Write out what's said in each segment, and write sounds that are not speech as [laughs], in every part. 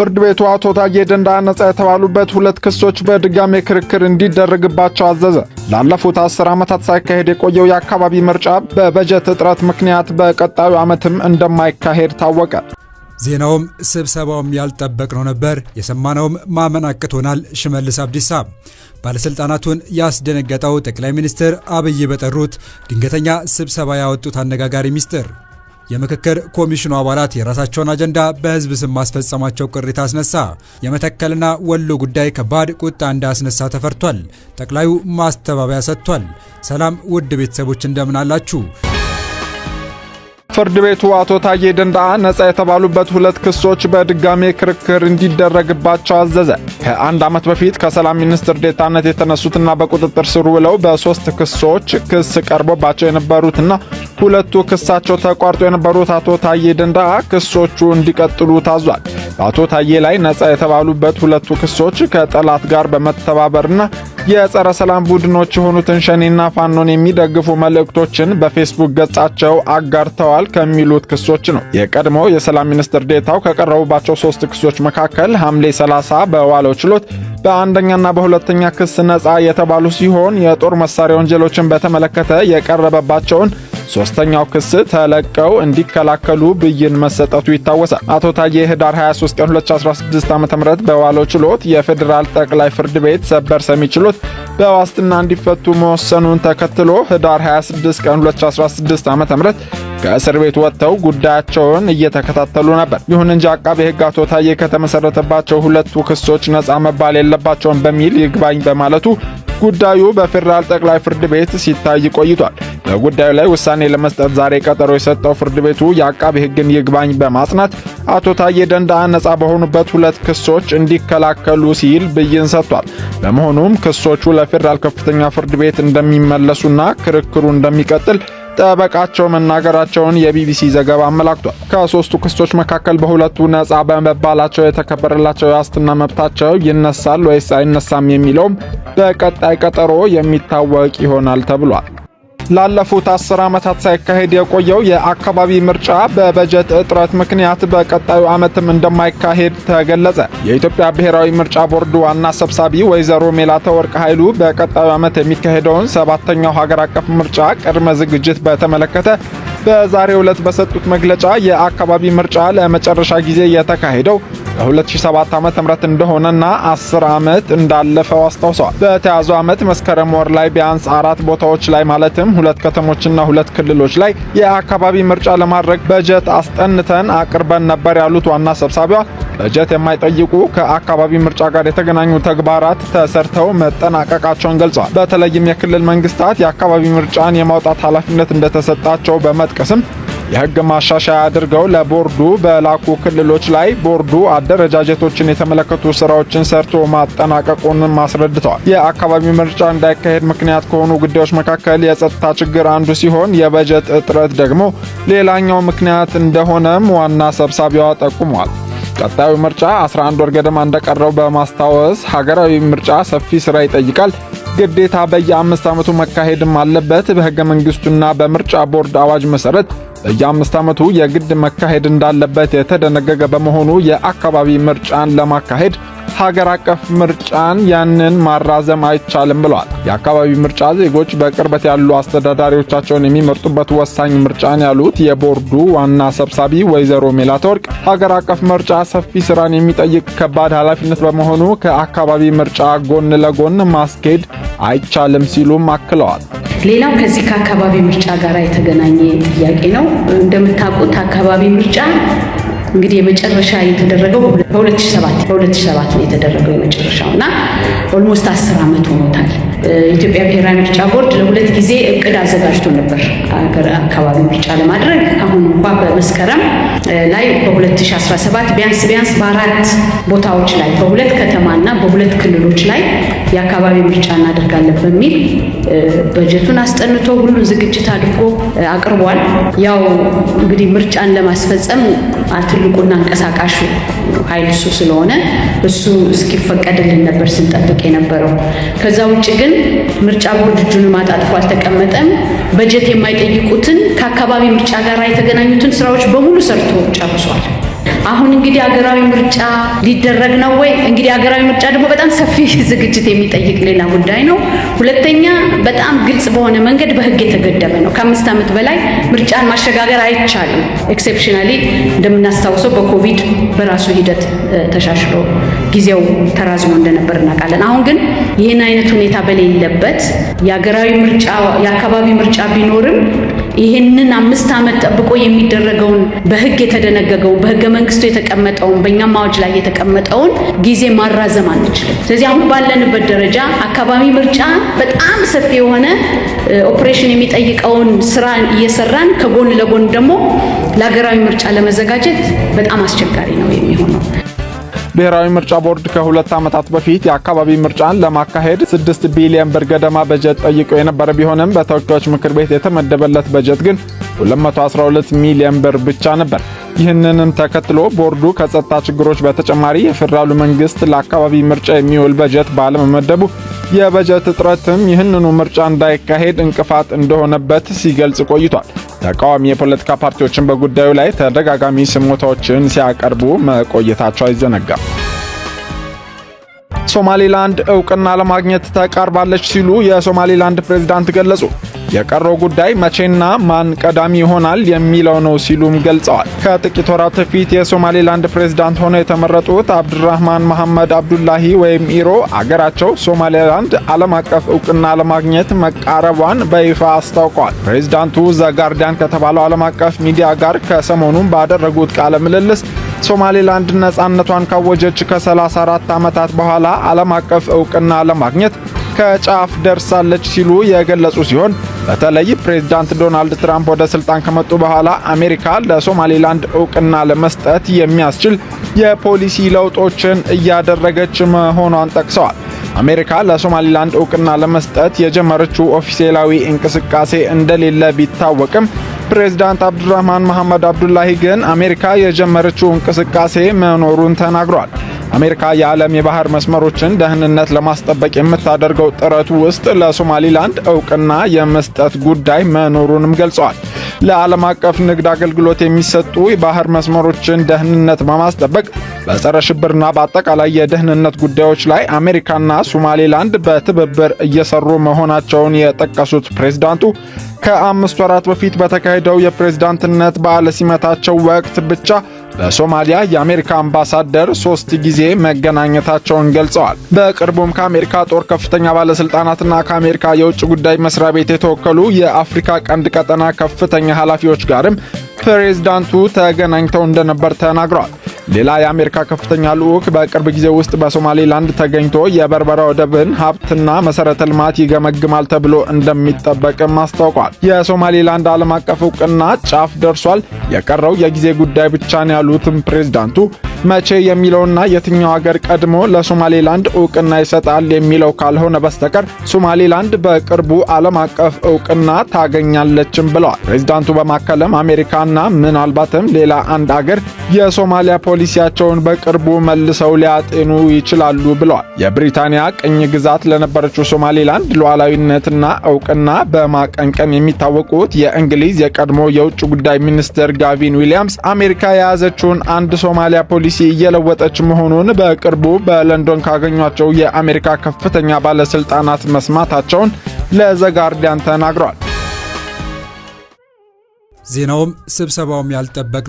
ፍርድ ቤቱ አቶ ታዬ ደንዳ ነጻ የተባሉበት ሁለት ክሶች በድጋሜ ክርክር እንዲደረግባቸው አዘዘ። ላለፉት አስር ዓመታት ሳይካሄድ የቆየው የአካባቢ ምርጫ በበጀት እጥረት ምክንያት በቀጣዩ ዓመትም እንደማይካሄድ ታወቀ። ዜናውም ስብሰባውም ያልጠበቅነው ነበር። የሰማነውም ማመን አቅቶናል። ሽመልስ አብዲሳ ባለሥልጣናቱን ያስደነገጠው ጠቅላይ ሚኒስትር አብይ በጠሩት ድንገተኛ ስብሰባ ያወጡት አነጋጋሪ ሚስጥር የምክክር ኮሚሽኑ አባላት የራሳቸውን አጀንዳ በህዝብ ስም ማስፈጸማቸው ቅሬታ አስነሳ። የመተከልና ወሎ ጉዳይ ከባድ ቁጣ እንዳስነሳ ተፈርቷል። ጠቅላዩ ማስተባበያ ሰጥቷል። ሰላም ውድ ቤተሰቦች እንደምን አላችሁ? ፍርድ ቤቱ አቶ ታዬ ደንዳአ ነጻ የተባሉበት ሁለት ክሶች በድጋሜ ክርክር እንዲደረግባቸው አዘዘ። ከአንድ ዓመት በፊት ከሰላም ሚኒስትር ዴታነት የተነሱትና በቁጥጥር ስር ውለው በሶስት ክሶች ክስ ቀርቦባቸው የነበሩትና ሁለቱ ክሳቸው ተቋርጦ የነበሩት አቶ ታዬ ደንዳ ክሶቹ እንዲቀጥሉ ታዟል። በአቶ ታዬ ላይ ነጻ የተባሉበት ሁለቱ ክሶች ከጠላት ጋር በመተባበርና የጸረ ሰላም ቡድኖች የሆኑትን ሸኔና ፋኖን የሚደግፉ መልእክቶችን በፌስቡክ ገጻቸው አጋርተዋል ከሚሉት ክሶች ነው። የቀድሞ የሰላም ሚኒስትር ዴታው ከቀረቡባቸው ሶስት ክሶች መካከል ሐምሌ 30 በዋለው ችሎት በአንደኛና በሁለተኛ ክስ ነጻ የተባሉ ሲሆን የጦር መሳሪያ ወንጀሎችን በተመለከተ የቀረበባቸውን ሶስተኛው ክስ ተለቀው እንዲከላከሉ ብይን መሰጠቱ ይታወሳል። አቶ ታዬ ህዳር 23 ቀን 2016 ም በዋለው ችሎት የፌዴራል ጠቅላይ ፍርድ ቤት ሰበር ሰሚ ችሎት በዋስትና እንዲፈቱ መወሰኑን ተከትሎ ህዳር 26 ቀን 2016 ዓ.ም ከእስር ቤት ወጥተው ጉዳያቸውን እየተከታተሉ ነበር። ይሁን እንጂ አቃቤ ህግ አቶ ታዬ ከተመሰረተባቸው ሁለቱ ክሶች ነፃ መባል የለባቸውን በሚል ይግባኝ በማለቱ ጉዳዩ በፌዴራል ጠቅላይ ፍርድ ቤት ሲታይ ቆይቷል። በጉዳዩ ላይ ውሳኔ ለመስጠት ዛሬ ቀጠሮ የሰጠው ፍርድ ቤቱ የአቃቢ ሕግን ይግባኝ በማጽናት አቶ ታዬ ደንዳ ነጻ በሆኑበት ሁለት ክሶች እንዲከላከሉ ሲል ብይን ሰጥቷል። በመሆኑም ክሶቹ ለፌዴራል ከፍተኛ ፍርድ ቤት እንደሚመለሱና ክርክሩ እንደሚቀጥል ጠበቃቸው መናገራቸውን የቢቢሲ ዘገባ አመላክቷል። ከሶስቱ ክሶች መካከል በሁለቱ ነፃ በመባላቸው የተከበረላቸው የዋስትና መብታቸው ይነሳል ወይስ አይነሳም የሚለውም በቀጣይ ቀጠሮ የሚታወቅ ይሆናል ተብሏል። ላለፉት አስር ዓመታት ሳይካሄድ የቆየው የአካባቢ ምርጫ በበጀት እጥረት ምክንያት በቀጣዩ ዓመትም እንደማይካሄድ ተገለጸ። የኢትዮጵያ ብሔራዊ ምርጫ ቦርድ ዋና ሰብሳቢ ወይዘሮ ሜላተወርቅ ኃይሉ በቀጣዩ ዓመት የሚካሄደውን ሰባተኛው ሀገር አቀፍ ምርጫ ቅድመ ዝግጅት በተመለከተ በዛሬው ዕለት በሰጡት መግለጫ የአካባቢ ምርጫ ለመጨረሻ ጊዜ የተካሄደው በ 2007 ዓ.ም እንደሆነና 10 ዓመት እንዳለፈው አስታውሰዋል። በተያዘው ዓመት መስከረም ወር ላይ ቢያንስ አራት ቦታዎች ላይ ማለትም ሁለት ከተሞችና ሁለት ክልሎች ላይ የአካባቢ ምርጫ ለማድረግ በጀት አስጠንተን አቅርበን ነበር ያሉት ዋና ሰብሳቢዋ በጀት የማይጠይቁ ከአካባቢ ምርጫ ጋር የተገናኙ ተግባራት ተሰርተው መጠናቀቃቸውን ገልጸዋል። በተለይም የክልል መንግስታት የአካባቢ ምርጫን የማውጣት ኃላፊነት እንደተሰጣቸው በመጥቀስም የህግ ማሻሻያ አድርገው ለቦርዱ በላኩ ክልሎች ላይ ቦርዱ አደረጃጀቶችን የተመለከቱ ስራዎችን ሰርቶ ማጠናቀቁንም አስረድተዋል። የአካባቢው ምርጫ እንዳይካሄድ ምክንያት ከሆኑ ጉዳዮች መካከል የጸጥታ ችግር አንዱ ሲሆን የበጀት እጥረት ደግሞ ሌላኛው ምክንያት እንደሆነም ዋና ሰብሳቢዋ ጠቁሟል። ቀጣዩ ምርጫ 11 ወር ገደማ እንደቀረው በማስታወስ ሀገራዊ ምርጫ ሰፊ ስራ ይጠይቃል ግዴታ በየአምስት ዓመቱ መካሄድም አለበት። በህገ መንግስቱና በምርጫ ቦርድ አዋጅ መሰረት በየአምስት ዓመቱ የግድ መካሄድ እንዳለበት የተደነገገ በመሆኑ የአካባቢ ምርጫን ለማካሄድ ሀገር አቀፍ ምርጫን ያንን ማራዘም አይቻልም ብለዋል። የአካባቢ ምርጫ ዜጎች በቅርበት ያሉ አስተዳዳሪዎቻቸውን የሚመርጡበት ወሳኝ ምርጫን ያሉት የቦርዱ ዋና ሰብሳቢ ወይዘሮ ሜላትወርቅ ሀገር አቀፍ ምርጫ ሰፊ ስራን የሚጠይቅ ከባድ ኃላፊነት በመሆኑ ከአካባቢ ምርጫ ጎን ለጎን ማስኬድ አይቻልም ሲሉም አክለዋል። ሌላው ከዚህ ከአካባቢ ምርጫ ጋር የተገናኘ ጥያቄ ነው። እንደምታውቁት አካባቢ ምርጫ እንግዲህ የመጨረሻ የተደረገው በ2007 ነው የተደረገው የመጨረሻው እና ኦልሞስት አስር ዓመት ሆኖታል። ኢትዮጵያ ብሔራዊ ምርጫ ቦርድ ለሁለት ጊዜ እቅድ አዘጋጅቶ ነበር ሀገር አካባቢ ምርጫ ለማድረግ። አሁን እንኳ በመስከረም ላይ በ2017 ቢያንስ ቢያንስ በአራት ቦታዎች ላይ በሁለት ከተማና በሁለት ክልሎች ላይ የአካባቢ ምርጫ እናደርጋለን በሚል በጀቱን አስጠንቶ ሁሉን ዝግጅት አድርጎ አቅርቧል። ያው እንግዲህ ምርጫን ለማስፈጸም ትልቁና አንቀሳቃሹ ኃይል እሱ ስለሆነ እሱ እስኪፈቀድልን ነበር ስንጠብቅ የነበረው። ከዛ ውጭ ግን ግን ምርጫ ቦርድ እጁንም አጣጥፎ አልተቀመጠም። በጀት የማይጠይቁትን ከአካባቢ ምርጫ ጋር የተገናኙትን ስራዎች በሙሉ ሰርቶ ጨርሷል። አሁን እንግዲህ ሀገራዊ ምርጫ ሊደረግ ነው ወይ? እንግዲህ ሀገራዊ ምርጫ ደግሞ በጣም ሰፊ [laughs] ዝግጅት የሚጠይቅ ሌላ ጉዳይ ነው። ሁለተኛ በጣም ግልጽ በሆነ መንገድ በህግ የተገደበ ነው። ከአምስት ዓመት በላይ ምርጫን ማሸጋገር አይቻልም። ኤክሴፕሽናሊ እንደምናስታውሰው በኮቪድ በራሱ ሂደት ተሻሽሎ ጊዜው ተራዝሞ እንደነበር እናውቃለን። አሁን ግን ይህን አይነት ሁኔታ በሌለበት የሀገራዊ ምርጫ የአካባቢ ምርጫ ቢኖርም ይህንን አምስት ዓመት ጠብቆ የሚደረገውን በህግ የተደነገገውን በህገ መንግስቱ የተቀመጠውን በእኛም አዋጅ ላይ የተቀመጠውን ጊዜ ማራዘም አንችልም። ስለዚህ አሁን ባለንበት ደረጃ አካባቢ ምርጫ በጣም ሰፊ የሆነ ኦፕሬሽን የሚጠይቀውን ስራ እየሰራን ከጎን ለጎን ደግሞ ለሀገራዊ ምርጫ ለመዘጋጀት በጣም አስቸጋሪ ነው የሚሆነው። ብሔራዊ ምርጫ ቦርድ ከሁለት ዓመታት በፊት የአካባቢ ምርጫን ለማካሄድ 6 ቢሊዮን ብር ገደማ በጀት ጠይቆ የነበረ ቢሆንም በተወካዮች ምክር ቤት የተመደበለት በጀት ግን 212 ሚሊዮን ብር ብቻ ነበር። ይህንንም ተከትሎ ቦርዱ ከጸጥታ ችግሮች በተጨማሪ የፌዴራሉ መንግስት ለአካባቢ ምርጫ የሚውል በጀት ባለመመደቡ የበጀት እጥረትም ይህንኑ ምርጫ እንዳይካሄድ እንቅፋት እንደሆነበት ሲገልጽ ቆይቷል። ተቃዋሚ የፖለቲካ ፓርቲዎችን በጉዳዩ ላይ ተደጋጋሚ ስሞታዎችን ሲያቀርቡ መቆየታቸው አይዘነጋም። ሶማሌላንድ እውቅና ለማግኘት ተቃርባለች ሲሉ የሶማሌላንድ ፕሬዝዳንት ገለጹ። የቀረው ጉዳይ መቼና ማን ቀዳሚ ይሆናል የሚለው ነው ሲሉም ገልጸዋል። ከጥቂት ወራት በፊት የሶማሌላንድ ፕሬዝዳንት ሆነው የተመረጡት አብዱራህማን መሐመድ አብዱላሂ ወይም ኢሮ አገራቸው ሶማሌላንድ ዓለም አቀፍ እውቅና ለማግኘት መቃረቧን በይፋ አስታውቋል። ፕሬዝዳንቱ ዘጋርዲያን ከተባለው ዓለም አቀፍ ሚዲያ ጋር ከሰሞኑም ባደረጉት ቃለ ምልልስ ሶማሌላንድ ነጻነቷን ካወጀች ከ34 ዓመታት በኋላ ዓለም አቀፍ እውቅና ለማግኘት ከጫፍ ደርሳለች ሲሉ የገለጹ ሲሆን በተለይ ፕሬዝዳንት ዶናልድ ትራምፕ ወደ ስልጣን ከመጡ በኋላ አሜሪካ ለሶማሌላንድ እውቅና ለመስጠት የሚያስችል የፖሊሲ ለውጦችን እያደረገች መሆኗን ጠቅሰዋል። አሜሪካ ለሶማሌላንድ እውቅና ለመስጠት የጀመረችው ኦፊሴላዊ እንቅስቃሴ እንደሌለ ቢታወቅም ፕሬዝዳንት አብዱራህማን መሐመድ አብዱላሂ ግን አሜሪካ የጀመረችው እንቅስቃሴ መኖሩን ተናግሯል። አሜሪካ የዓለም የባህር መስመሮችን ደህንነት ለማስጠበቅ የምታደርገው ጥረቱ ውስጥ ለሶማሊላንድ እውቅና የመስጠት ጉዳይ መኖሩንም ገልጸዋል። ለዓለም አቀፍ ንግድ አገልግሎት የሚሰጡ የባህር መስመሮችን ደህንነት በማስጠበቅ በጸረ ሽብርና በአጠቃላይ የደህንነት ጉዳዮች ላይ አሜሪካና ሶማሌላንድ በትብብር እየሰሩ መሆናቸውን የጠቀሱት ፕሬዝዳንቱ ከአምስት ወራት በፊት በተካሄደው የፕሬዝዳንትነት በዓለ ሲመታቸው ወቅት ብቻ በሶማሊያ የአሜሪካ አምባሳደር ሶስት ጊዜ መገናኘታቸውን ገልጸዋል። በቅርቡም ከአሜሪካ ጦር ከፍተኛ ባለስልጣናትና ከአሜሪካ የውጭ ጉዳይ መስሪያ ቤት የተወከሉ የአፍሪካ ቀንድ ቀጠና ከፍተኛ ኃላፊዎች ጋርም ፕሬዝዳንቱ ተገናኝተው እንደነበር ተናግረዋል። ሌላ የአሜሪካ ከፍተኛ ልዑክ በቅርብ ጊዜ ውስጥ በሶማሌላንድ ተገኝቶ የበርበራ ወደብን ሀብትና መሰረተ ልማት ይገመግማል ተብሎ እንደሚጠበቅም አስታውቋል። የሶማሌላንድ ዓለም አቀፍ እውቅና ጫፍ ደርሷል፣ የቀረው የጊዜ ጉዳይ ብቻ ነው ያሉትም ፕሬዝዳንቱ መቼ የሚለውና የትኛው ሀገር ቀድሞ ለሶማሌላንድ እውቅና ይሰጣል የሚለው ካልሆነ በስተቀር ሶማሌላንድ በቅርቡ ዓለም አቀፍ እውቅና ታገኛለችም ብለዋል። ፕሬዚዳንቱ በማከልም አሜሪካና ምናልባትም ሌላ አንድ አገር የሶማሊያ ፖሊሲያቸውን በቅርቡ መልሰው ሊያጤኑ ይችላሉ ብለዋል። የብሪታንያ ቅኝ ግዛት ለነበረችው ሶማሌላንድ ሉዓላዊነትና እውቅና በማቀንቀን የሚታወቁት የእንግሊዝ የቀድሞ የውጭ ጉዳይ ሚኒስትር ጋቪን ዊሊያምስ አሜሪካ የያዘችውን አንድ ሶማሊያ ፖሊሲ ፖሊሲ እየለወጠች መሆኑን በቅርቡ በለንዶን ካገኟቸው የአሜሪካ ከፍተኛ ባለስልጣናት መስማታቸውን ለዘጋርዲያን ተናግረዋል። ዜናውም ስብሰባውም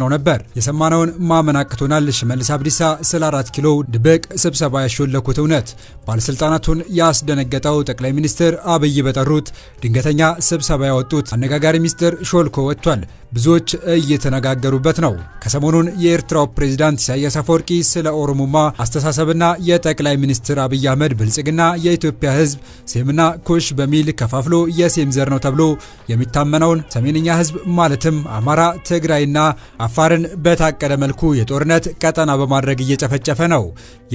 ነው ነበር። የሰማነውን ማመን አቅቶናል። ሽመልስ አብዲሳ ስለ አራት ኪሎ ድብቅ ስብሰባ ያሾለኩት እውነት ባለስልጣናቱን ያስደነገጠው ጠቅላይ ሚኒስትር አብይ በጠሩት ድንገተኛ ስብሰባ ያወጡት አነጋጋሪ ሚስጥር ሾልኮ ወጥቷል። ብዙዎች እየተነጋገሩበት ነው። ከሰሞኑን የኤርትራው ፕሬዚዳንት ኢሳያስ አፈወርቂ ስለ ኦሮሞማ አስተሳሰብና የጠቅላይ ሚኒስትር አብይ አህመድ ብልጽግና የኢትዮጵያ ሕዝብ ሴምና ኩሽ በሚል ከፋፍሎ የሴም ዘር ነው ተብሎ የሚታመነውን ሰሜንኛ ሕዝብ ማለትም አማራ፣ ትግራይና አፋርን በታቀደ መልኩ የጦርነት ቀጠና በማድረግ እየጨፈጨፈ ነው።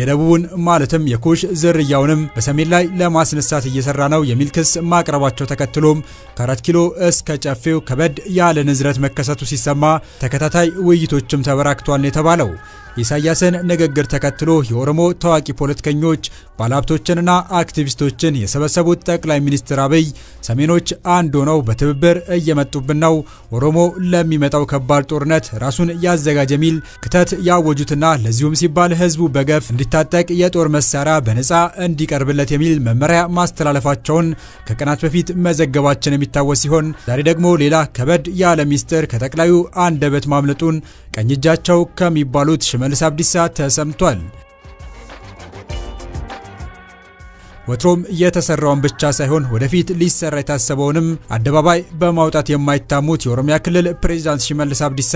የደቡቡን ማለትም የኩሽ ዝርያውንም በሰሜን ላይ ለማስነሳት እየሰራ ነው የሚል ክስ ማቅረባቸው ተከትሎም ከአራት ኪሎ እስከ ጨፌው ከበድ ያለ ንዝረት መከሰቱ ሲሰማ ተከታታይ ውይይቶችም ተበራክቷል የተባለው ኢሳያስን ንግግር ተከትሎ የኦሮሞ ታዋቂ ፖለቲከኞች ባለሀብቶችንና አክቲቪስቶችን የሰበሰቡት ጠቅላይ ሚኒስትር አብይ ሰሜኖች አንድ ሆነው በትብብር እየመጡብን ነው፣ ኦሮሞ ለሚመጣው ከባድ ጦርነት ራሱን ያዘጋጅ የሚል ክተት ያወጁትና ለዚሁም ሲባል ህዝቡ በገፍ እንዲታጠቅ የጦር መሳሪያ በነፃ እንዲቀርብለት የሚል መመሪያ ማስተላለፋቸውን ከቀናት በፊት መዘገባችን የሚታወስ ሲሆን ዛሬ ደግሞ ሌላ ከበድ ያለ ሚስጥር ከጠቅላዩ አንደበት ማምለጡን ቀኝ እጃቸው ከሚባሉት ሽመልስ አብዲሳ ተሰምቷል። ወትሮም የተሰራውን ብቻ ሳይሆን ወደፊት ሊሰራ የታሰበውንም አደባባይ በማውጣት የማይታሙት የኦሮሚያ ክልል ፕሬዚዳንት ሽመልስ አብዲሳ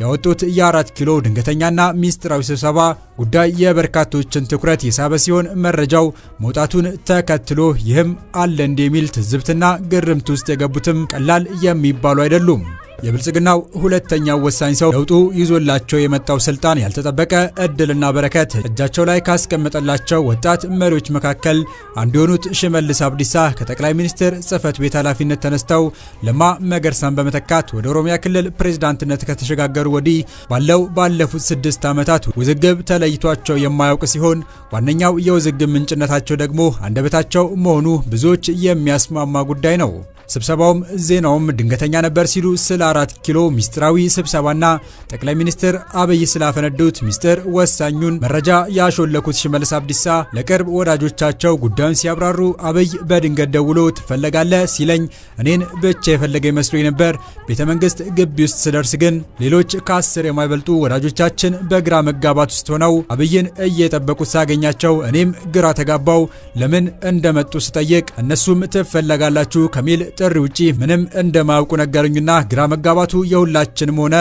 ያወጡት የአራት ኪሎ ድንገተኛና ሚስጥራዊ ስብሰባ ጉዳይ የበርካቶችን ትኩረት የሳበ ሲሆን መረጃው መውጣቱን ተከትሎ ይህም አለ እንዲህ የሚል ትዝብትና ግርምት ውስጥ የገቡትም ቀላል የሚባሉ አይደሉም። የብልጽግናው ሁለተኛው ወሳኝ ሰው ለውጡ ይዞላቸው የመጣው ስልጣን ያልተጠበቀ እድልና በረከት እጃቸው ላይ ካስቀመጠላቸው ወጣት መሪዎች መካከል አንዱ የሆኑት ሽመልስ አብዲሳ ከጠቅላይ ሚኒስትር ጽህፈት ቤት ኃላፊነት ተነስተው ለማ መገርሳን በመተካት ወደ ኦሮሚያ ክልል ፕሬዝዳንትነት ከተሸጋገሩ ወዲህ ባለው ባለፉት ስድስት ዓመታት ውዝግብ ተለይቷቸው የማያውቅ ሲሆን ዋነኛው የውዝግብ ምንጭነታቸው ደግሞ አንደበታቸው መሆኑ ብዙዎች የሚያስማማ ጉዳይ ነው። ስብሰባውም ዜናውም ድንገተኛ ነበር ሲሉ ስለ አራት ኪሎ ሚስጥራዊ ስብሰባና ጠቅላይ ሚኒስትር አብይ ስላፈነዱት ሚስጥር ወሳኙን መረጃ ያሾለኩት ሽመልስ አብዲሳ ለቅርብ ወዳጆቻቸው ጉዳዩን ሲያብራሩ አብይ በድንገት ደውሎ ትፈለጋለህ ሲለኝ እኔን ብቻ የፈለገ መስሎኝ ነበር። ቤተ መንግስት ግቢ ውስጥ ስደርስ ግን ሌሎች ከአስር የማይበልጡ ወዳጆቻችን በግራ መጋባት ውስጥ ሆነው አብይን እየጠበቁት ሳገኛቸው እኔም ግራ ተጋባው። ለምን እንደመጡ ስጠይቅ እነሱም ትፈለጋላችሁ ከሚል ጥሪ ውጪ ምንም እንደማያውቁ ነገሩኝና ግራ መጋባቱ የሁላችንም ሆነ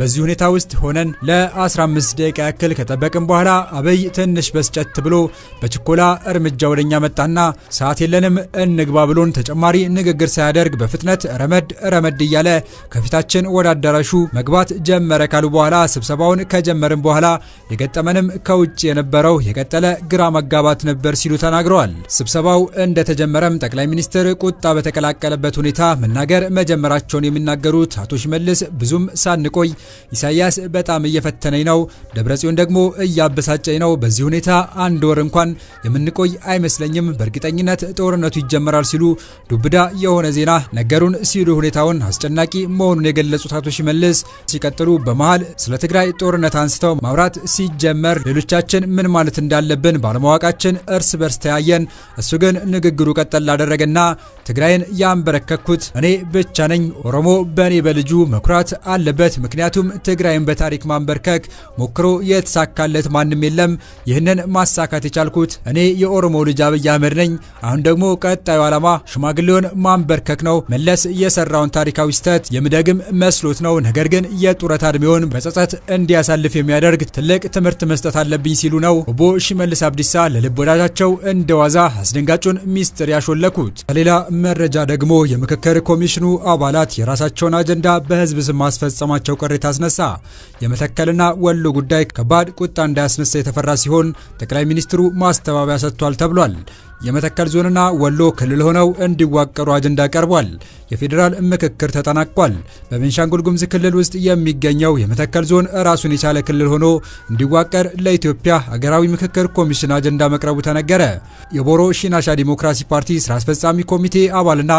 በዚህ ሁኔታ ውስጥ ሆነን ለ15 ደቂቃ ያክል ከጠበቅን በኋላ አብይ ትንሽ በስጨት ብሎ በችኮላ እርምጃ ወደኛ መጣና ሰዓት የለንም እንግባ ብሎን ተጨማሪ ንግግር ሳያደርግ በፍጥነት ረመድ ረመድ እያለ ከፊታችን ወደ አዳራሹ መግባት ጀመረ ካሉ በኋላ ስብሰባውን ከጀመርን በኋላ የገጠመንም ከውጭ የነበረው የቀጠለ ግራ መጋባት ነበር ሲሉ ተናግረዋል። ስብሰባው እንደተጀመረም ጠቅላይ ሚኒስትር ቁጣ በተቀላቀለበት ሁኔታ መናገር መጀመራቸውን የሚናገሩት አቶ ሽመልስ ብዙም ሳንቆይ ኢሳያስ በጣም እየፈተነኝ ነው፣ ደብረጽዮን ደግሞ እያበሳጨኝ ነው። በዚህ ሁኔታ አንድ ወር እንኳን የምንቆይ አይመስለኝም። በእርግጠኝነት ጦርነቱ ይጀመራል ሲሉ ዱብዳ የሆነ ዜና ነገሩን ሲሉ ሁኔታውን አስጨናቂ መሆኑን የገለጹት አቶ ሽመልስ ሲቀጥሉ በመሀል ስለ ትግራይ ጦርነት አንስተው ማውራት ሲጀመር ሌሎቻችን ምን ማለት እንዳለብን ባለማወቃችን እርስ በርስ ተያየን። እሱ ግን ንግግሩ ቀጠል ላደረገና ትግራይን ያንበረከኩት እኔ ብቻ ነኝ። ኦሮሞ በእኔ በልጁ መኩራት አለበት ምክንያቱ ምክንያቱም ትግራይን በታሪክ ማንበርከክ ሞክሮ የተሳካለት ማንም የለም። ይህንን ማሳካት የቻልኩት እኔ የኦሮሞ ልጅ አብይ አህመድ ነኝ። አሁን ደግሞ ቀጣዩ ዓላማ ሽማግሌውን ማንበርከክ ነው። መለስ የሰራውን ታሪካዊ ስህተት የምደግም መስሎት ነው። ነገር ግን የጡረታ እድሜውን በጸጸት እንዲያሳልፍ የሚያደርግ ትልቅ ትምህርት መስጠት አለብኝ ሲሉ ነው ቦ ሽመልስ አብዲሳ ለልብ ወዳጃቸው እንደ ዋዛ አስደንጋጩን ሚስጥር ያሾለኩት። ከሌላ መረጃ ደግሞ የምክክር ኮሚሽኑ አባላት የራሳቸውን አጀንዳ በህዝብ ስም ማስፈጸማቸው ቅሬታ አስነሳ። የመተከልና ወሎ ጉዳይ ከባድ ቁጣ እንዳያስነሳ የተፈራ ሲሆን ጠቅላይ ሚኒስትሩ ማስተባበያ ሰጥቷል ተብሏል። የመተከል ዞንና ወሎ ክልል ሆነው እንዲዋቀሩ አጀንዳ ቀርቧል። የፌዴራል ምክክር ተጠናቋል። በቤንሻንጉል ጉሙዝ ክልል ውስጥ የሚገኘው የመተከል ዞን ራሱን የቻለ ክልል ሆኖ እንዲዋቀር ለኢትዮጵያ ሀገራዊ ምክክር ኮሚሽን አጀንዳ መቅረቡ ተነገረ። የቦሮ ሺናሻ ዲሞክራሲ ፓርቲ ስራ አስፈጻሚ ኮሚቴ አባልና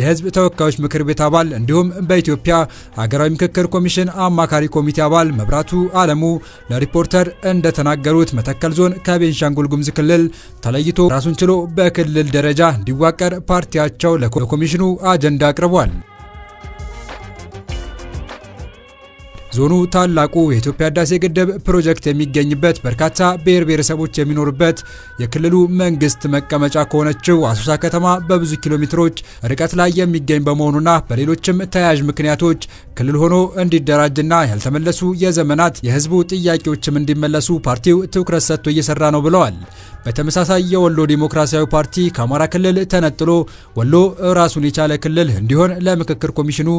የህዝብ ተወካዮች ምክር ቤት አባል እንዲሁም በኢትዮጵያ ሀገራዊ ምክክር ኮሚሽን አማካሪ ኮሚቴ አባል መብራቱ አለሙ ለሪፖርተር እንደተናገሩት መተከል ዞን ከቤንሻንጉል ጉሙዝ ክልል ተለይቶ ራሱን ችሎ በክልል ደረጃ እንዲዋቀር ፓርቲያቸው ለኮሚሽኑ አጀንዳ አቅርቧል። ዞኑ ታላቁ የኢትዮጵያ ህዳሴ ግድብ ፕሮጀክት የሚገኝበት በርካታ ብሔር ብሔረሰቦች የሚኖሩበት የክልሉ መንግስት መቀመጫ ከሆነችው አሶሳ ከተማ በብዙ ኪሎ ሜትሮች ርቀት ላይ የሚገኝ በመሆኑና በሌሎችም ተያያዥ ምክንያቶች ክልል ሆኖ እንዲደራጅና ያልተመለሱ የዘመናት የህዝቡ ጥያቄዎችም እንዲመለሱ ፓርቲው ትኩረት ሰጥቶ እየሰራ ነው ብለዋል። በተመሳሳይ የወሎ ዴሞክራሲያዊ ፓርቲ ከአማራ ክልል ተነጥሎ ወሎ ራሱን የቻለ ክልል እንዲሆን ለምክክር ኮሚሽኑ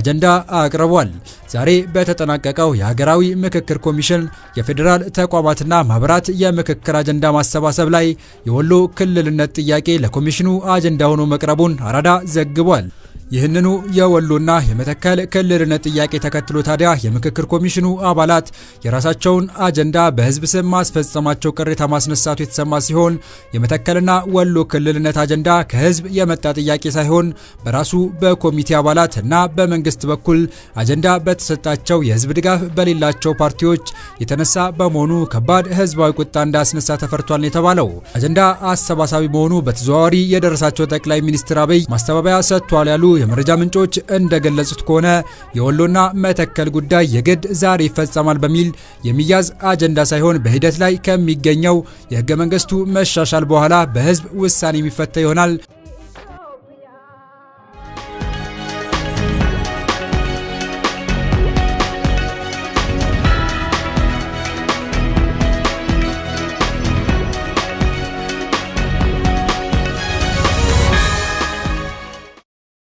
አጀንዳ አቅርቧል። ዛሬ በተጠ ያጠናቀቀው የሀገራዊ ምክክር ኮሚሽን የፌዴራል ተቋማትና ማህበራት የምክክር አጀንዳ ማሰባሰብ ላይ የወሎ ክልልነት ጥያቄ ለኮሚሽኑ አጀንዳ ሆኖ መቅረቡን አራዳ ዘግቧል። ይህንኑ የወሎና የመተከል ክልልነት ጥያቄ ተከትሎ ታዲያ የምክክር ኮሚሽኑ አባላት የራሳቸውን አጀንዳ በህዝብ ስም ማስፈጸማቸው ቅሬታ ማስነሳቱ የተሰማ ሲሆን የመተከልና ወሎ ክልልነት አጀንዳ ከህዝብ የመጣ ጥያቄ ሳይሆን በራሱ በኮሚቴ አባላት እና በመንግስት በኩል አጀንዳ በተሰጣቸው የህዝብ ድጋፍ በሌላቸው ፓርቲዎች የተነሳ በመሆኑ ከባድ ህዝባዊ ቁጣ እንዳስነሳ ተፈርቷል ነው የተባለው። አጀንዳ አሰባሳቢ መሆኑ በተዘዋዋሪ የደረሳቸው ጠቅላይ ሚኒስትር አብይ ማስተባበያ ሰጥቷል ያሉ የመረጃ ምንጮች እንደገለጹት ከሆነ የወሎና መተከል ጉዳይ የግድ ዛሬ ይፈጸማል በሚል የሚያዝ አጀንዳ ሳይሆን በሂደት ላይ ከሚገኘው የህገ መንግስቱ መሻሻል በኋላ በህዝብ ውሳኔ የሚፈታ ይሆናል።